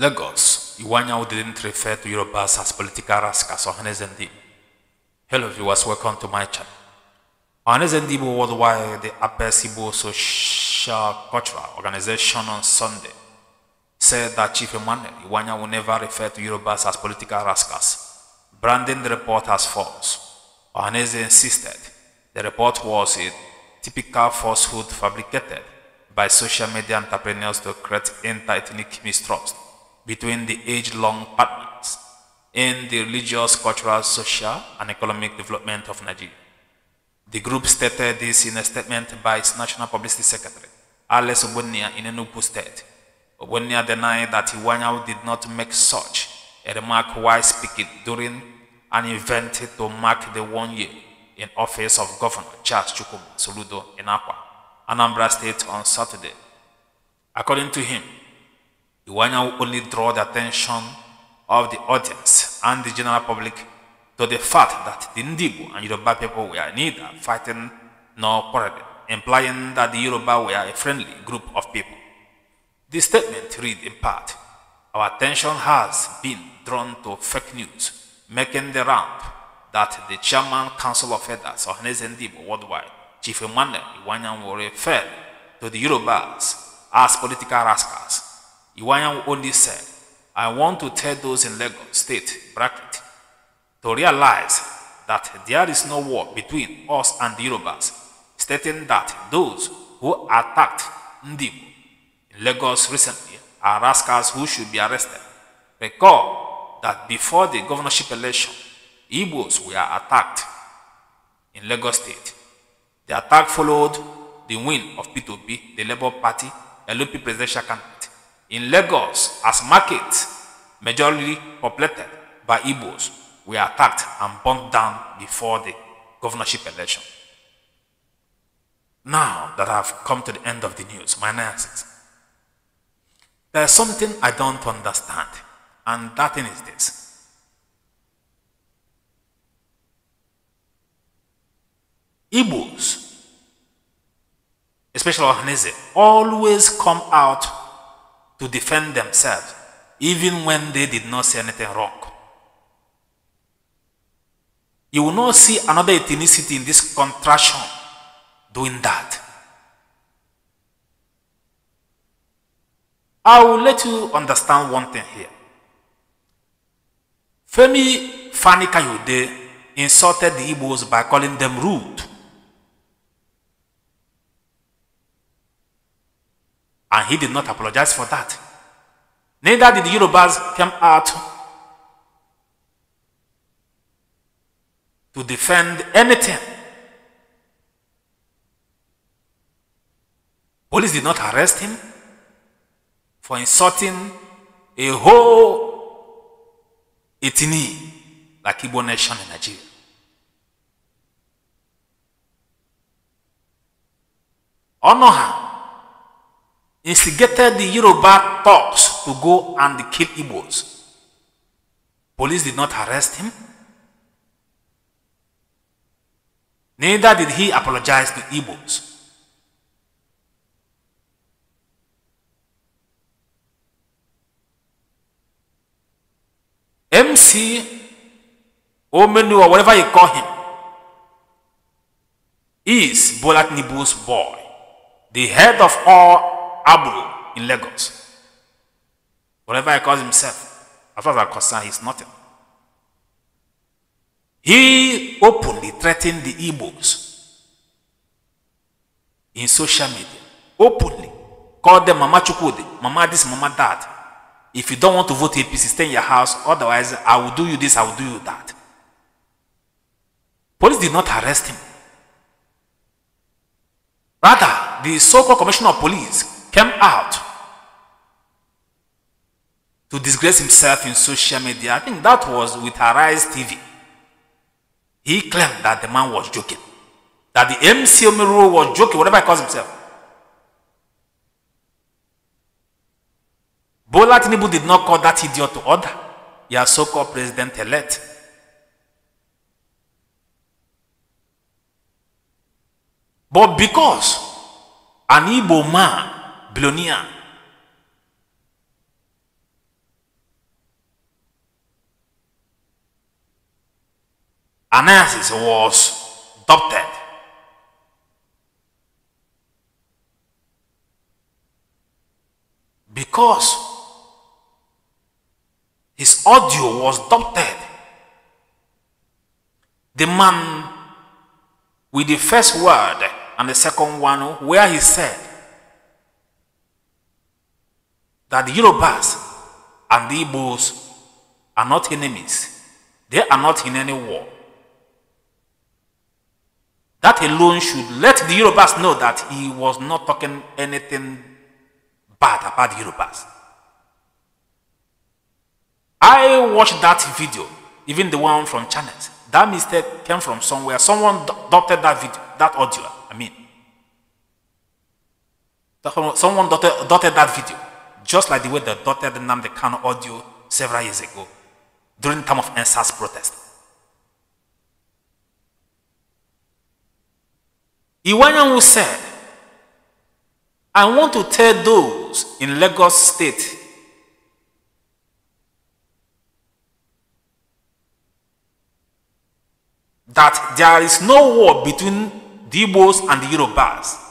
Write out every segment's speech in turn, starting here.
Lagos, Iwanyao didn't refer to Yorubas as political rascals or Hanezendim. Hello viewers, welcome to my channel. Hanezendibo Worldwide, the Apesibo Social Cultural Organization on Sunday, said that Chief Emmanuel Iwanya will never refer to Yorubas as political rascals, branding the report as false. Ohaneze insisted the report was a typical falsehood fabricated by social media entrepreneurs to create inter-ethnic mistrust between the age-long partners in the religious, cultural, social, and economic development of Nigeria. The group stated this in a statement by its National Publicity Secretary, Alice Obunia, in Enugu State. Obunia denied that Iwanyao did not make such a remark while speaking during an event to mark the one year in office of Governor Charles Chukwuma Soludo in Akwa, Anambra State on Saturday. According to him, you will now only draw the attention of the audience and the general public to the fact that the Ndigo and Yoruba people were neither fighting nor quarreling, implying that the Yoruba were a friendly group of people. This statement read in part, our attention has been drawn to fake news, making the ramp that the chairman council of elders of Nezendibo worldwide, Chief Emmanuel Iwanyanwore, referred to the Yorubas as political rascals Iwayan only said, I want to tell those in Lagos State bracket to realize that there is no war between us and the Yorubas, stating that those who attacked Ndibu in Lagos recently are rascals who should be arrested. Recall that before the governorship election, Igbos were attacked in Lagos State. The attack followed the win of P2P, the Labour Party, LP presidential candidate. in Lagos as market, majorly populated by Igbos, were attacked and burnt down before the governorship election. Now that I've come to the end of the news, my analysis, there's something I don't understand, and that thing is this. Igbos, especially Ohanese, always come out to defend themselves, even when they did not see anything wrong. You will not see another ethnicity in this contraction doing that. I will let you understand one thing here. Femi Fani Kayode insulted the Igbos by calling them rude. And he did not apologize for that. Neither did the Yorubas come out to defend anything. Police did not arrest him for insulting a whole Itini like Igbo nation in Nigeria. Honor her. instigated the Yoruba thugs to go and kill Igbos. Police did not arrest him. Neither did he apologize to Igbos. MC Omenu or whatever you call him is Bolatnibu's boy, the head of all Abu in Lagos. Whatever he calls himself, as far as I'm concerned, he's nothing. He openly threatened the Igbos in social media. Openly. Called them Mama Chukwude, Mama this, Mama that. If you don't want to vote APC, stay in your house. Otherwise, I will do you this, I will do you that. Police did not arrest him. Rather, the so-called commissioner of police came out to disgrace himself in social media. I think that was with Arise TV. He claimed that the man was joking. That the MC Omero was joking, whatever he calls himself. Bola Tinubu did not call that idiot to order. Your so-called president-elect. But because an Igbo man Babylonia. Anasis was adopted. Because his audio was adopted, the man with the first word and the second one where he said, that the Yorubas and the Igbos are not enemies. They are not in any war. That alone should let the Yorubas know that he was not talking anything bad about the Yorubas. I watched that video, even the one from Channels. That mistake came from somewhere. Someone adopted that video, that audio, I mean. Someone adopted that video just like the way the the dotted the Kano audio several years ago during the time of NSAS protest. Iwanyanwu said, I want to tell those in Lagos State that there is no war between the Igbos and the Yorubas.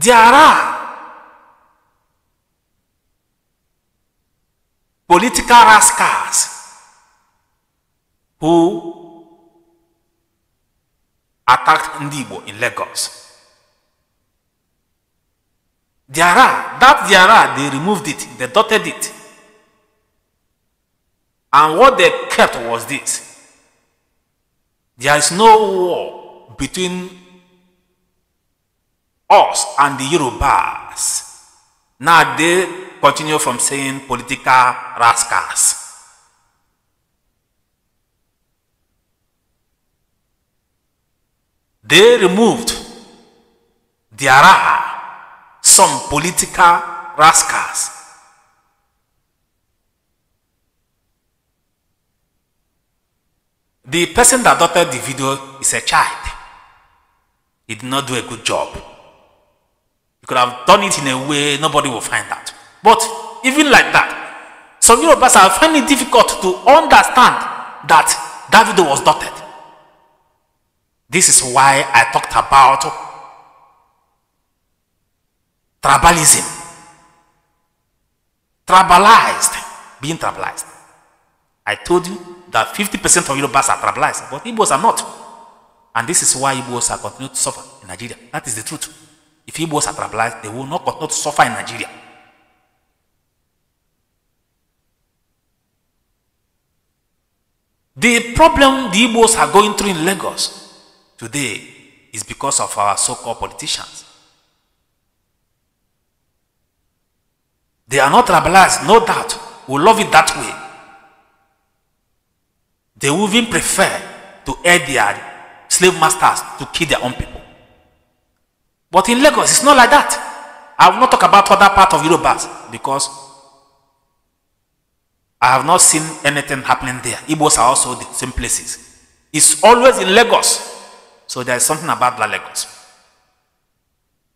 There are political rascals who attacked Ndibo in Lagos. There are, that there are, they removed it, they dotted it. And what they kept was this. There is no war between us and the Yorubas. Now they continue from saying political rascals. They removed there are some political rascals. The person that adopted the video is a child. He did not do a good job could have done it in a way nobody will find out. But even like that, some Europeans are finding it difficult to understand that David was dotted. This is why I talked about tribalism, tribalized, being tribalized. I told you that 50% of Europeans are tribalized, but Igbos are not. And this is why Igbos are continuing to suffer in Nigeria. That is the truth. If Igbos are tribalized, they will not, not suffer in Nigeria. The problem the Igbos are going through in Lagos today is because of our so-called politicians. They are not tribalized, no doubt. We will love it that way. They would even prefer to aid their slave masters to kill their own people. But in Lagos, it's not like that. I will not talk about other part of Europe because I have not seen anything happening there. Igbos are also the same places. It's always in Lagos. So there is something about La Lagos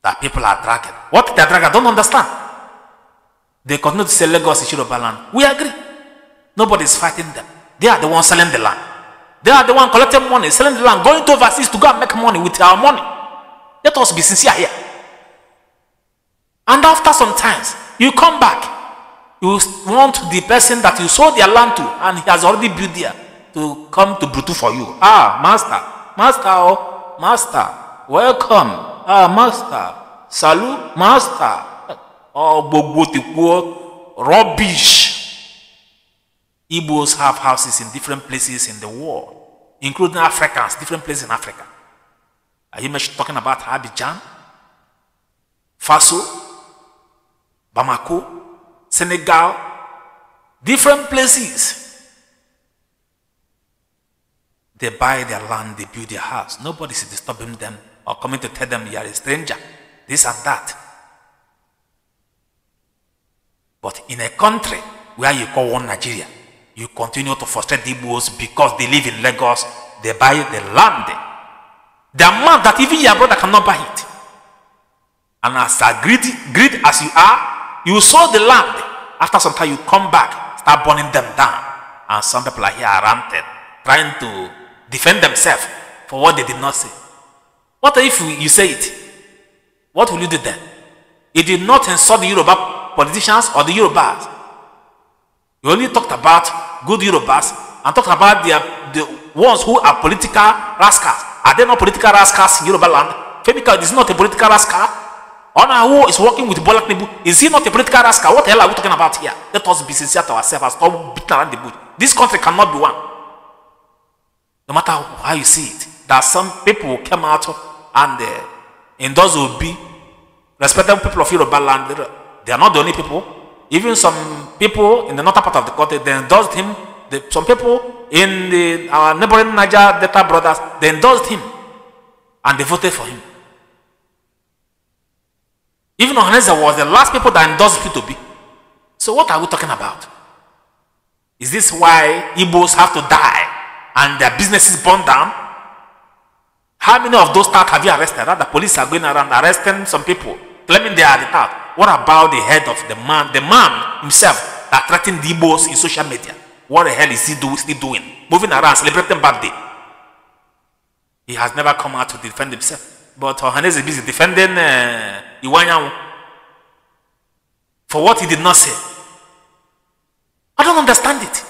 that people are dragging. What they are dragging, I don't understand. They continue to say Lagos is Yoruba land. We agree. Nobody is fighting them. They are the ones selling the land. They are the ones collecting money, selling the land, going to overseas to go and make money with our money. Let us be sincere here. And after some times, you come back. You want the person that you sold their land to and he has already built there to come to Brutu for you. Ah, master. Master, oh, master. Welcome. Ah, master. Salute, master. Oh, bobo oh, rubbish. Igbos have houses in different places in the world, including Africans, different places in Africa. Are you talking about Abidjan, Faso, Bamako, Senegal, different places? They buy their land, they build their house. Nobody is disturbing them or coming to tell them you are a stranger, this and that. But in a country where you call one Nigeria, you continue to frustrate the Igbos because they live in Lagos, they buy the land The amount that even your brother cannot buy it. And as greedy, greedy as you are, you sold the land. After some time, you come back, start burning them down. And some people are here ranting, trying to defend themselves for what they did not say. What if you say it? What will you do then? You did not insult the Yoruba politicians or the Yorubas. You only talked about good Yorubas and talked about the, the ones who are political rascals. Are they not political rascals in Yoruba land? Femika is not a political rascal. Onahuo is working with Bola Tinubu. Is he not a political rascal? What the hell are we talking about here? Let us be sincere to ourselves and stop beating around the bush. This country cannot be one. No matter how you see it, there are some people who came out and uh, in those will be respectable people of Yoruba land. They are not the only people. Even some people in the northern part of the country, they those him the, some people in the, our neighboring Niger Delta brothers, they endorsed him and they voted for him. Even Ohaneze was the last people that endorsed him to be. So what are we talking about? Is this why Igbos have to die and their businesses burn down? How many of those thugs have you arrested? That the police are going around arresting some people, claiming they are the thugs. What about the head of the man, the man himself that threatened the Igbos in social media? What the hell is he, do, still doing? Moving around, celebrating birthday. He has never come out to defend himself. But Ohanes is busy defending uh, Iwanyamu for what he did not say. I don't understand it.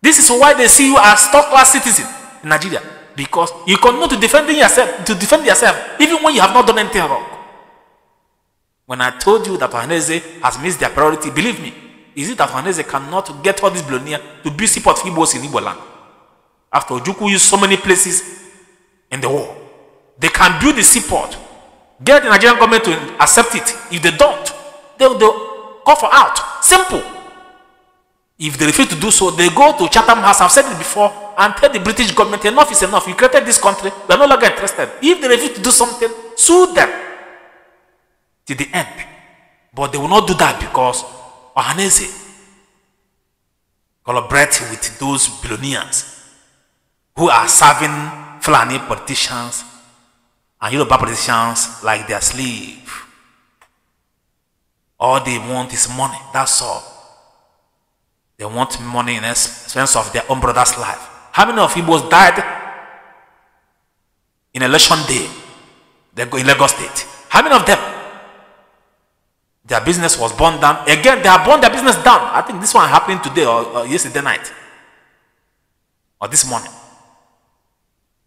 This is why they see you as top-class citizen in Nigeria. Because you cannot to defend yourself, to defend yourself even when you have not done anything wrong. When I told you that Ohaneze has missed their priority, believe me, Is it that Vanese cannot get all this Blonia to build seaport freeboats in Igbo After Ojuku used so many places in the war. They can build the seaport. Get the Nigerian government to accept it. If they don't, they'll, they'll call for out. Simple. If they refuse to do so, they go to Chatham House. I've said it before. And tell the British government, enough is enough. You created this country. We're no longer interested. If they refuse to do something, sue them. to the end. But they will not do that because Ohanese collaborating with those billionaires who are serving Fulani politicians and Yoruba politicians like their slave. All they want is money, that's all. They want money in expense of their own brother's life. How many of Igbos died in election day in Lagos State? How many of them? Their business was burned down. Again, they have burned their business down. I think this one happened today or, or yesterday night or this morning.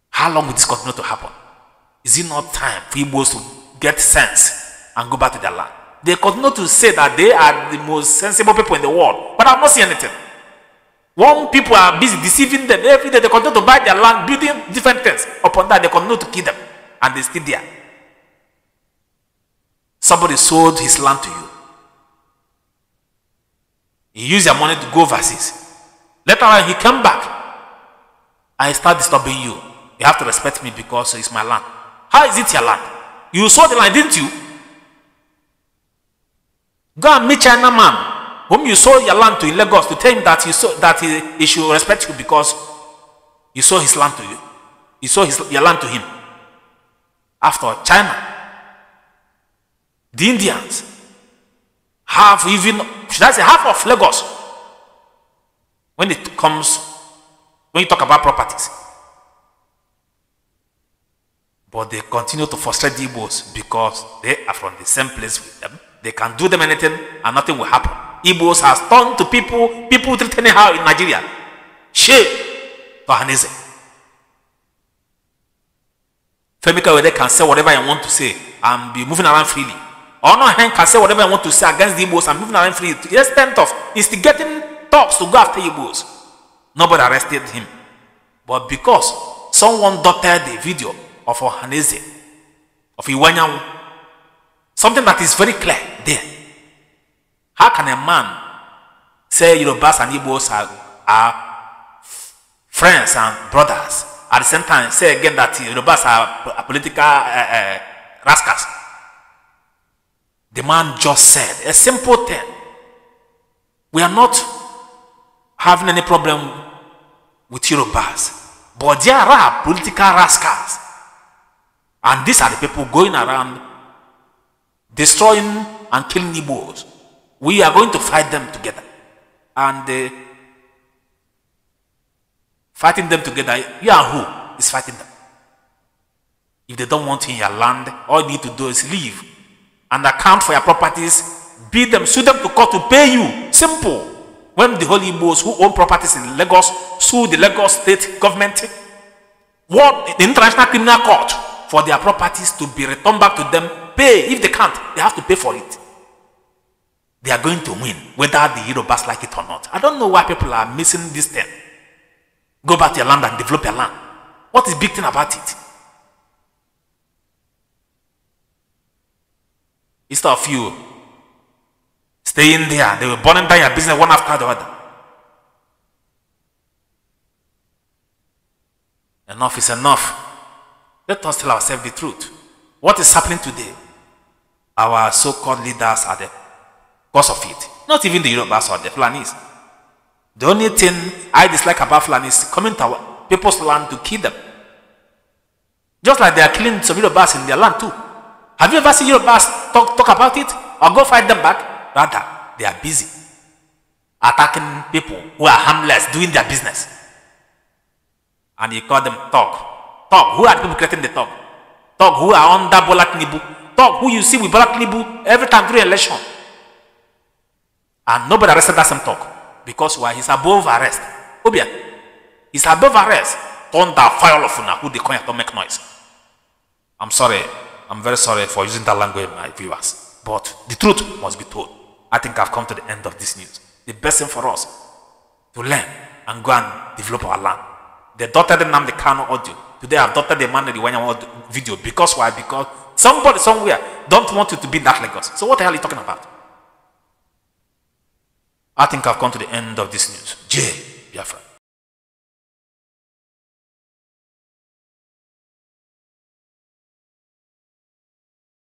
How long will this continue to happen? Is it not time for Igbos to get sense and go back to their land? They continue to say that they are the most sensible people in the world, but I've not seen anything. One people are busy deceiving them every day. They continue to buy their land, building different things. Upon that, they continue to kill them, and they still there. Somebody sold his land to you. He used your money to go overseas. Later on, he came back. I start disturbing you. You have to respect me because it's my land. How is it your land? You sold the land, didn't you? Go and meet China man whom you sold your land to in Lagos to tell him that he, that he, he should respect you because you sold his land to you. You sold his, your land to him. After China, the Indians, have even, should I say half of Lagos, when it comes, when you talk about properties. But they continue to frustrate the Igbos because they are from the same place with them. They can do them anything and nothing will happen. Igbos has turned to people, people treat anyhow in Nigeria. Shame to Hanese. Femika they can say whatever I want to say and be moving around freely. ɔno can say whatever i want to say against the igbos and people around free to the extent of instigating talks to go after igbos nobody arrested him but because someone doctored a video of ohaneze of iwanyanwu something that is very clear there how can a man say yorubas and igbos are are friends and brothers at the same time say again that yorubas are, are political uh, uh, rascals The man just said. A simple thing. We are not having any problem with Yorubas. But there are political rascals. And these are the people going around destroying and killing Igbos. We are going to fight them together. And uh, fighting them together, you and who is fighting them? If they don't want in your land, all you need to do is leave and account for your properties, bid them, sue them to court to pay you. Simple. When the holy bulls who own properties in Lagos sue the Lagos state government, what the International Criminal Court for their properties to be returned back to them, pay. If they can't, they have to pay for it. They are going to win, whether the Yorubas like it or not. I don't know why people are missing this thing. Go back to your land and develop your land. What is big thing about it? instead of you staying there. They were burning down your business one after the other. Enough is enough. Let us tell ourselves the truth. What is happening today? Our so called leaders are the cause of it. Not even the Yorubas or the Fulanis. The only thing I dislike about Fulanis is coming to our people's land to kill them. Just like they are killing some Yorubas in their land too. Have you ever seen Yorubas talk, talk about it or go fight them back. Rather, they are busy attacking people who are harmless, doing their business. And you call them talk. Talk. Who are the people creating the talk? Talk. Who are under Bola Tinubu? Talk. Who you see with Bola Tinubu every time during election. And nobody arrested that same talk. Because why? He's above arrest. Obia. He's above arrest. Thunder, fire off una, who the coin to make noise. I'm sorry. I'm very sorry for using that language, my viewers. But the truth must be told. I think I've come to the end of this news. The best thing for us to learn and go and develop our land. They daughter the Namdi Kano audio. Today I've dotted the man the Wanyama video. Because why? Because somebody somewhere don't want you to be in that Lagos. So what the hell are you talking about? I think I've come to the end of this news. J. Biafra.